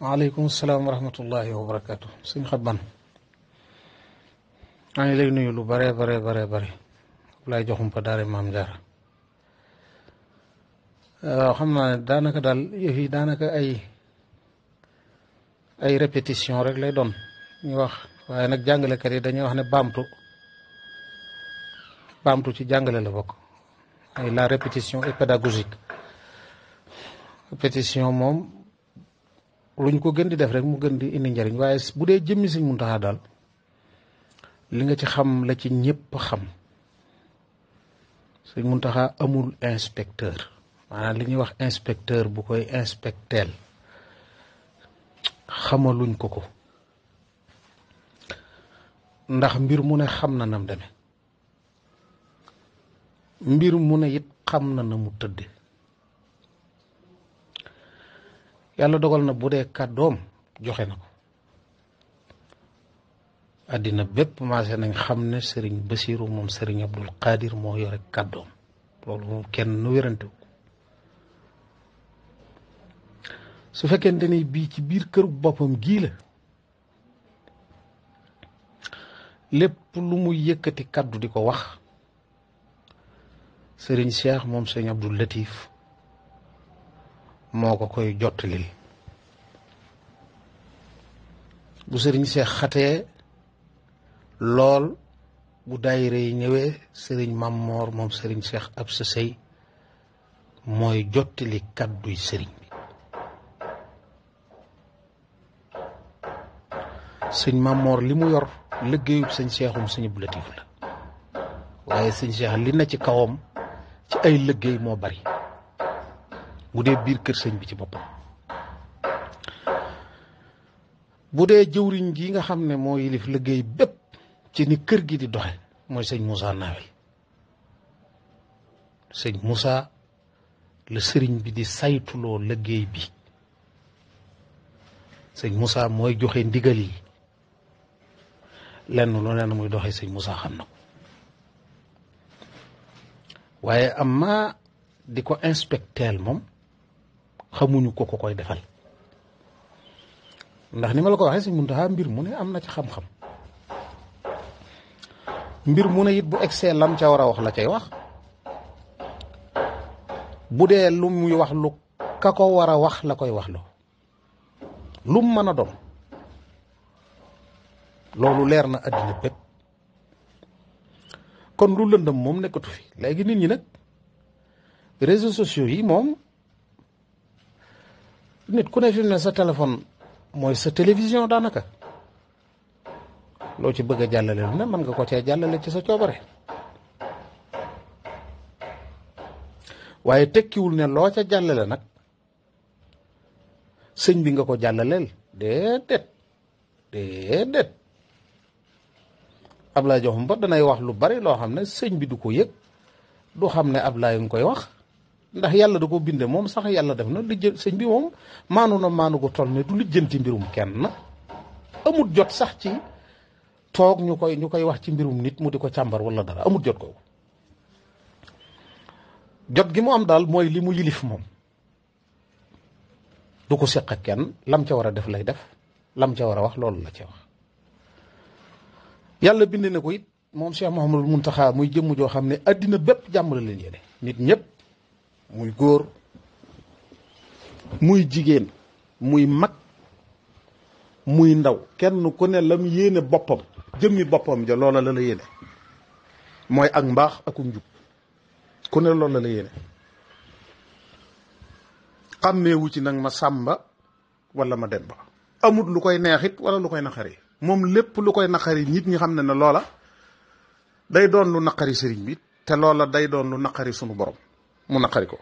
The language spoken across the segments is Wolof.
waaleykum salaam wa rahmatullahi wa barakaatu suñ xabban maa ngi lay nuyu lu bare bare bare bare lay joxum pa daara maam jaara xam naa daanaka daal yëf daanaka ay ay répétition rek lay doon ñu wax waaye nag jàngalekat yi dañuy wax ne baamtu baamtu ci jàngale la bokk ay la répétition est pédagogique répétition moom luñ ko gën di def rek mu gën di indi njariñ waaye bu dee jëmmi Sëñ Muntaxa daal li nga ci xam la ci ñëpp xam mun Muntaxa amul inspecteur maanaam li ñuy wax inspecteur bu koy inspecteel xamaluñ ko ko ndax mbir mu ne xam na nam deme mbir mu ne it xam na na mu tëdd yàlla dogal na bu dee kàddoom joxe na ko àddina bépp maase nañ xam ne sëriñ Basiiru moom sëriñ Abdul Qaadir moo yore kàddoom loolu moom kenn nu wérantewu su fekkente ni bii ci biir këru boppam gii la lépp lu muy yëkkati kàddu di ko wax sëriñ Cheikh moom sëriñ Abdul Latif moo ko koy jottalil bu sëriñ seex xate lool bu daayira yi ñëwee sëriñ Mammoor moom sëriñ seex ab sa sëy mooy jottali kàdduy sëriñ bi sëñ Mammoor li mu yor liggéeyub sëñ seexum sëñ bu la waaye sëñ seex li na ci kawam ci ay liggéey moo bari bu dee biir kër sëñ bi ci boppam bu dee jëwriñ gi nga xam ne moo yilif liggéey bépp ci ni kër gi di doxe mooy sëñ Moussa Nawel sëñ Moussa la sëriñ bi di saytuloo liggéey bi sëñ Moussa mooy joxe ndigal yi lenn lu lenn muy doxe sëñ Moussa xam na ko waaye am di ko inspecteel moom xamuñu ko ko koy defal ndax ni ma la ko waxee si Muntaxa mbir mu ne am na ca xam-xam mbir mu ne it bu egsee lam ca war a wax la cay wax bu dee lu muy wax lu ka ko war a wax la koy wax loo lum mën a doon loolu leer na àddina bépp kon lu lëndam moom nekkatu fi léegi nit ñi nag réseaux sociaux yi moom nit ku ne fi ne sa téléphone mooy sa télévision daanaka loo ci bëgg a jàllale ne man nga ko cee jàllale ci sa coobare waaye tekkiwul ne loo ca jàllale nag sëñ bi nga ko jàllaleel déedéet déedéet Ablaye Diakhoumpa danay wax lu bari loo xam ne sëñ bi du ko yëg du xam ne Ablaye nga koy wax ndax yàlla da ko binde moom sax yàlla def na lijjë sëñ bi moom maanu na maanu ko toll ne du ci mbirum kenn amut jot sax ci toog ñu koy ñu koy wax ci mbirum nit mu di ko càmbar wala dara amut jot ko jot gi mu am daal mooy li mu yilif moom du ko seq kenn lam ca war a def lay def lam ca war a wax loolu la ca wax yàlla bind na ko it moom Cheikh mun Mountakha muy jëmm joo xam ne àddina bépp jàmm la leen yéene nit ñëpp muy góor muy jigéen muy mag muy ndaw kenn ku ne lam yéene boppam jëmmi boppam ja loola la la yéene mooy ak mbaax ak njub ku ne loola la yéene xàmmeewu ci nag ma sàmba walla ma demba amut lu koy neexit wala lu koy naqari moom lépp lu koy naqari nit ñi xam ne na loola day doon lu naqari sëriñ bi te loola day doon lu naqari sunu borom mu naqari ko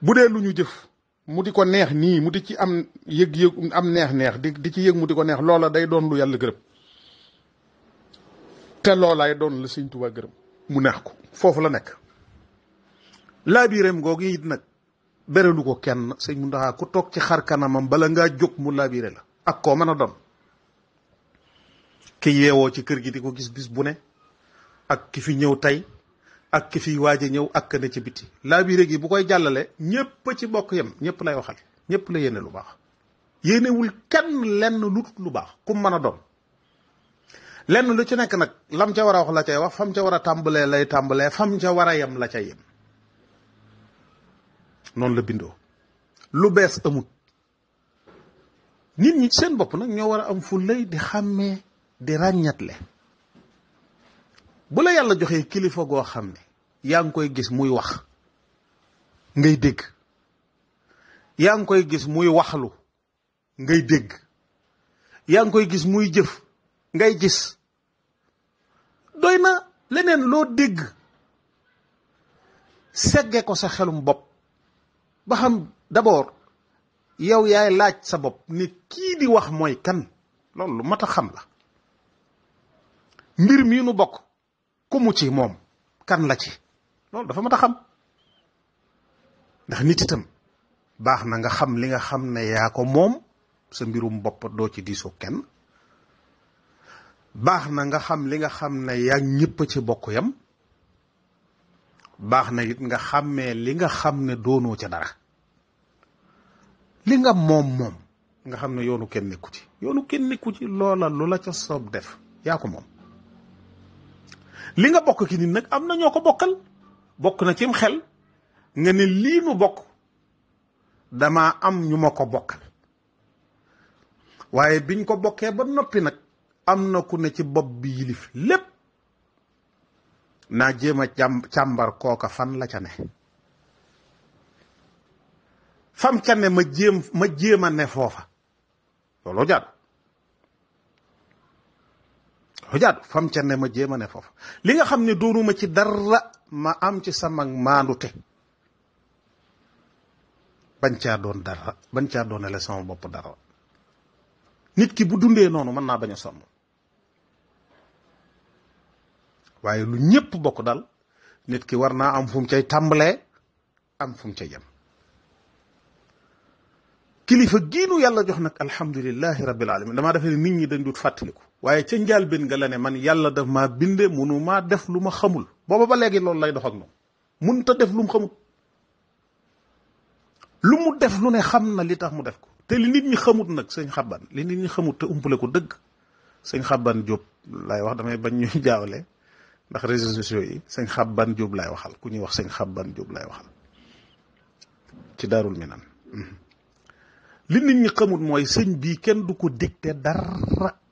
bu dee lu ñu jëf mu di ko neex nii mu di ci am yëg-yëg am neex-neex di di ci yëg mu di ko neex loola day doon lu yàlla gërëm te loolaay doon la Sëñ gërëm mu neex ko foofu la nekk laabireem googu it nag berelu ko kenn sëñ Muntaxa ku toog ci xar kanamam bala ngaa jóg mu laabire la ak koo mën a doon ki yeewoo ci kër gi di ko gis bis bu ne ak ki fi ñëw tey ak ki fiy waaj ñëw ak ka ne ci biti laabire gi bu koy jàllale ñépp ci bokk yem ñépp lay waxal ñépp la yéene lu baax yéenewul kenn lenn lu tut lu baax ku mën a doon lenn lu ci nekk nag lam ca war a wax la cay wax fam ca war a tàmbalee lay tàmbalee fam ca war a yem la ca yem noonu la bindoo lu bees amut nit ñi seen bopp nag ñoo war a am fu di xàmmee di ràññatle bu la yàlla joxee kilifa goo xam ne yaa ngi koy gis muy wax ngay dégg yaa ngi koy gis muy waxlu ngay dégg yaa ngi koy gis muy jëf ngay gis doy na leneen loo dégg segge ko sa xelum bopp ba xam d'abord yow yaay laaj sa bopp ni kii di wax mooy kan loolu lu mat a xam la mbir mii bokk ku ci moom kan la ci loolu dafa mat a xam ndax nit itam baax na nga xam li nga xam ne yaa ko moom sa mbirum bopp doo ci diisoo kenn baax na nga xam li nga xam ne yaa ñëpp ci bokk yam baax na it nga xàmmee li nga xam ne doonoo ca dara li nga moom moom nga xam ne yoonu kenn nekku ci yoonu kenn nekku ci loola lu la ca soob def yaa ko moom li nga bokk ki nit nag am na ñoo ko bokkal bokk na cim xel nga ni lii nu bokk dama am ñu ma ko bokkal waaye biñ ko bokkee ba noppi nag am na ku ne ci bopp bi yilif lépp naa jéem a càmbar kooka fan la ca ne fam ca ne ma jéem jéem a ne foofa loolu jaadu xujaat fam ca ne ma jéem a ne foofu li nga xam ne doonuma ci dara ma am ci sama maandute bañ caa doon dara bañ caa doonale sama bopp dara nit ki bu dundee noonu mën naa bañ a waaye lu ñëpp bokk dal nit ki war naa am fum mu cay am fu mu cay jëm kilifa giinu yàlla jox nag alhamdulilahi rabbil alamin damaa defe ne nit ñi dañ dut fàttaliku waaye ca njëlbéen nga la ne man yàlla daf maa binde munu maa def lu ma xamul booba ba léegi loolu lay dox ak moom mun ta def lu mu xamul lu mu def lu ne xam na li tax mu def ko te li nit ñi xamut nag sëñ xaban li nit ñi xamut te ko dëgg sëñ xaban Diop laay wax damay bañ ñuy jaawale ndax réseaux sociaux yi sëñ xaban jóob laay waxal ku ñuy wax sëñ xaban jóob laay waxal ci daarul minan mhm. li nit ñi xamut mooy sëñ bii kenn du ko dicté dara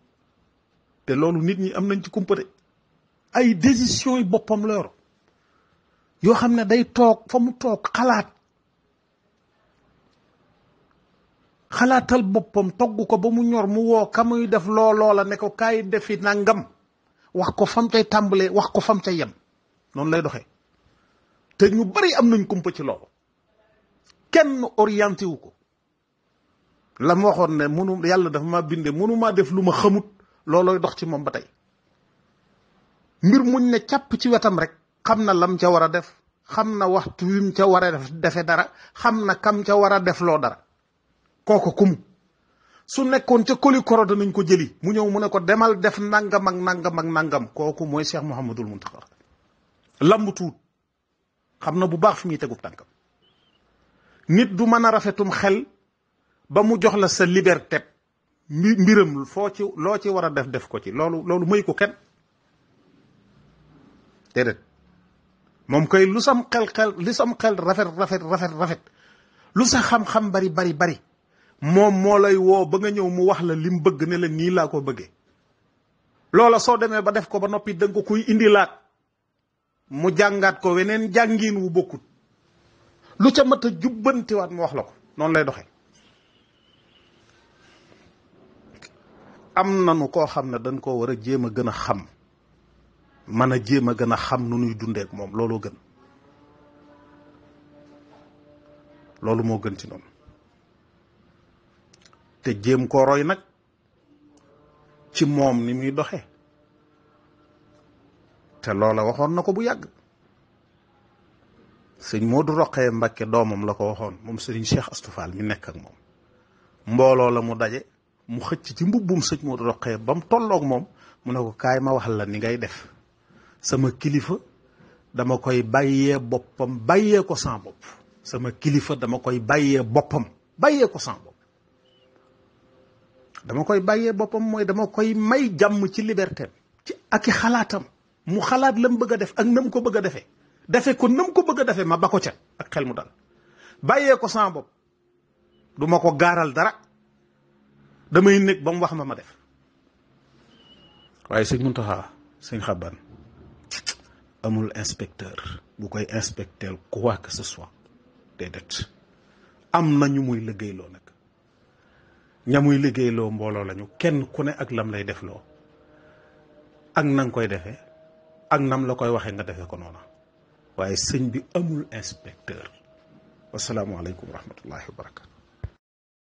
te loolu nit ñi am nañ ci kumpate ay décision yi boppam la yor yoo xam ne day toog fa mu toog xalaat xalaatal boppam togg ko ba mu ñor mu woo ka muy def loo loola ne ko kaay defi nangam wax ko fam cay tàmbalee wax ko fam say yem noonu lay doxee te ñu bari am nañ kumpa ci loolu kenn orienté wu ko la ma waxoon ne munu yàlla dafa ma binde mënu maa def lu ma xamut loolooy dox ci moom ba tey mbir muñ ne càpp ci wetam rek xam na lam ca war a def xam na waxtu yim ca war a def defe dara xam na kam ca war a def loo dara kooku kum su nekkoon ca koli koro nañ ko jëli mu ñëw mu ne ko demal def nangam ak nangam ak nangam kooku mooy Cheikh Mouhamadul Mountakha lamb tuut xam na bu baax fi muy tegub tànkam nit du mën a rafetum xel ba mu jox la sa liberté mbi mbiram foo ci loo ci war a def def ko ci loolu loolu may ko kenn déedéet moom koy lu sam xel xel lu sam xel rafet rafet rafet rafet lu sa xam-xam bari bari moom moo lay woo ba nga ñëw mu wax la lim bëgg ne la nii laa ko bëggee loola soo demee ba def ko ba noppi da nga ko kuy indilaat mu jàngaat ko weneen jàngiin wu bokkut lu ca mat a jubbantiwaat mu wax la ko noonu lay doxee am nanu koo xam ne dañ koo war a jéem a gën a xam mën a jéem a gën a xam nu nuy dundeek moom looloo gën loolu moo gën ci noonu te jéem koo roy nag ci moom ni muy doxe te loola waxoon na ko bu yàgg sëñ du Rokhaya mbakke doomam la ko waxoon moom sëriñ Cheikh Astou Fall mi nekk ak moom mbooloo la mu daje mu xëcc ci mbubbum sëñ Moodu Roqee ba mu tolloog moom mu ne ko kaay ma wax la ni ngay def sama kilifa dama koy bàyyee boppam bàyyee ko sans bopp sama kilifa dama koy bàyyee boppam bàyyee ko sans dama koy bàyyee boppam mooy dama koy may jàmm ci liberté ci ak i xalaatam mu xalaat la mu bëgg a def ak na mu ko bëgg a defee defe ko na mu ko bëgg a defee ma ba ko ca ak xel mu dal bàyyee ko sans bopp du ko gaaral dara damay nekk ba mu wax ma ma def waaye sëñ Muntaxa sëñ Xaban amul inspecteur bu koy inspecteur quoi que ce soit déedéet am na ñu muy liggéeyloo nag ña muy liggéeyloo mbooloo lañu kenn ku ne ak lam lay def loo ak na nga koy defee ak nam la koy waxee nga defee ko noona waaye sëñ bi amul inspecteur wasalaamualeykum wa rahmatullahi wa barakatu